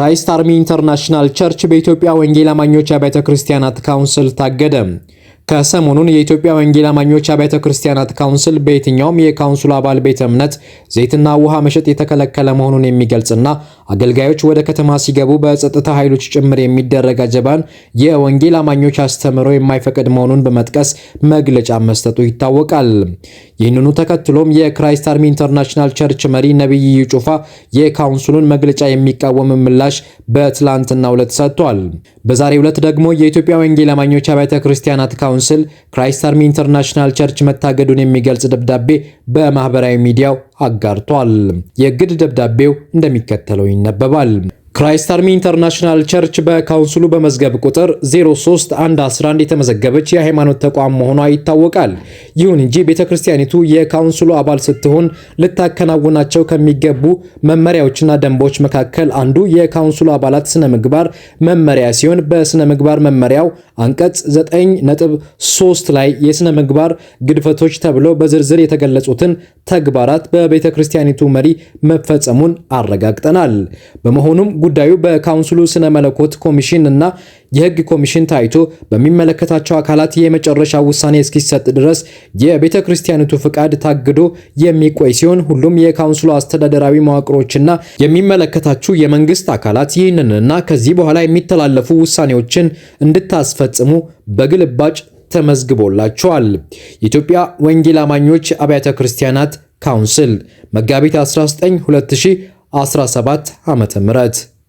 ክራይስት አርሚ ኢንተርናሽናል ቸርች በኢትዮጵያ ወንጌል አማኞች አብያተ ክርስቲያናት ካውንስል ታገደ። ከሰሞኑን የኢትዮጵያ ወንጌል አማኞች አብያተ ክርስቲያናት ካውንስል በየትኛውም የካውንስሉ አባል ቤተ እምነት ዘይትና ውሃ መሸጥ የተከለከለ መሆኑን የሚገልጽና አገልጋዮች ወደ ከተማ ሲገቡ በጸጥታ ኃይሎች ጭምር የሚደረግ አጀባን የወንጌል አማኞች አስተምህሮ የማይፈቅድ መሆኑን በመጥቀስ መግለጫ መስጠቱ ይታወቃል። ይህንኑ ተከትሎም የክራይስት አርሚ ኢንተርናሽናል ቸርች መሪ ነቢይ እዩ ጩፋ የካውንስሉን መግለጫ የሚቃወም ምላሽ በትላንትና ዕለት ሰጥቷል። በዛሬ ዕለት ደግሞ የኢትዮጵያ ወንጌል አማኞች አብያተ ክርስቲያናት ካውንስል ካውንስል ክራይስት አርሚ ኢንተርናሽናል ቸርች መታገዱን የሚገልጽ ደብዳቤ በማህበራዊ ሚዲያው አጋርቷል። የእግድ ደብዳቤው እንደሚከተለው ይነበባል። ክራይስት አርሚ ኢንተርናሽናል ቸርች በካውንስሉ በመዝገብ ቁጥር 03111 የተመዘገበች የሃይማኖት ተቋም መሆኗ ይታወቃል። ይሁን እንጂ ቤተ ክርስቲያኒቱ የካውንስሉ አባል ስትሆን ልታከናውናቸው ከሚገቡ መመሪያዎችና ደንቦች መካከል አንዱ የካውንስሉ አባላት ስነ ምግባር መመሪያ ሲሆን በስነ ምግባር መመሪያው አንቀጽ 9 ነጥብ 3 ላይ የሥነ ምግባር ግድፈቶች ተብሎ በዝርዝር የተገለጹትን ተግባራት በቤተ ክርስቲያኒቱ መሪ መፈጸሙን አረጋግጠናል። በመሆኑም ጉዳዩ በካውንስሉ ሥነ መለኮት ኮሚሽን እና የሕግ ኮሚሽን ታይቶ በሚመለከታቸው አካላት የመጨረሻ ውሳኔ እስኪሰጥ ድረስ የቤተ ክርስቲያኒቱ ፍቃድ ታግዶ የሚቆይ ሲሆን ሁሉም የካውንስሉ አስተዳደራዊ መዋቅሮችና የሚመለከታችሁ የመንግስት አካላት ይህንንና ከዚህ በኋላ የሚተላለፉ ውሳኔዎችን እንድታስፈ እንዲፈጽሙ በግልባጭ ተመዝግቦላቸዋል። የኢትዮጵያ ወንጌል አማኞች አብያተ ክርስቲያናት ካውንስል መጋቢት 19 2017 ዓ.ም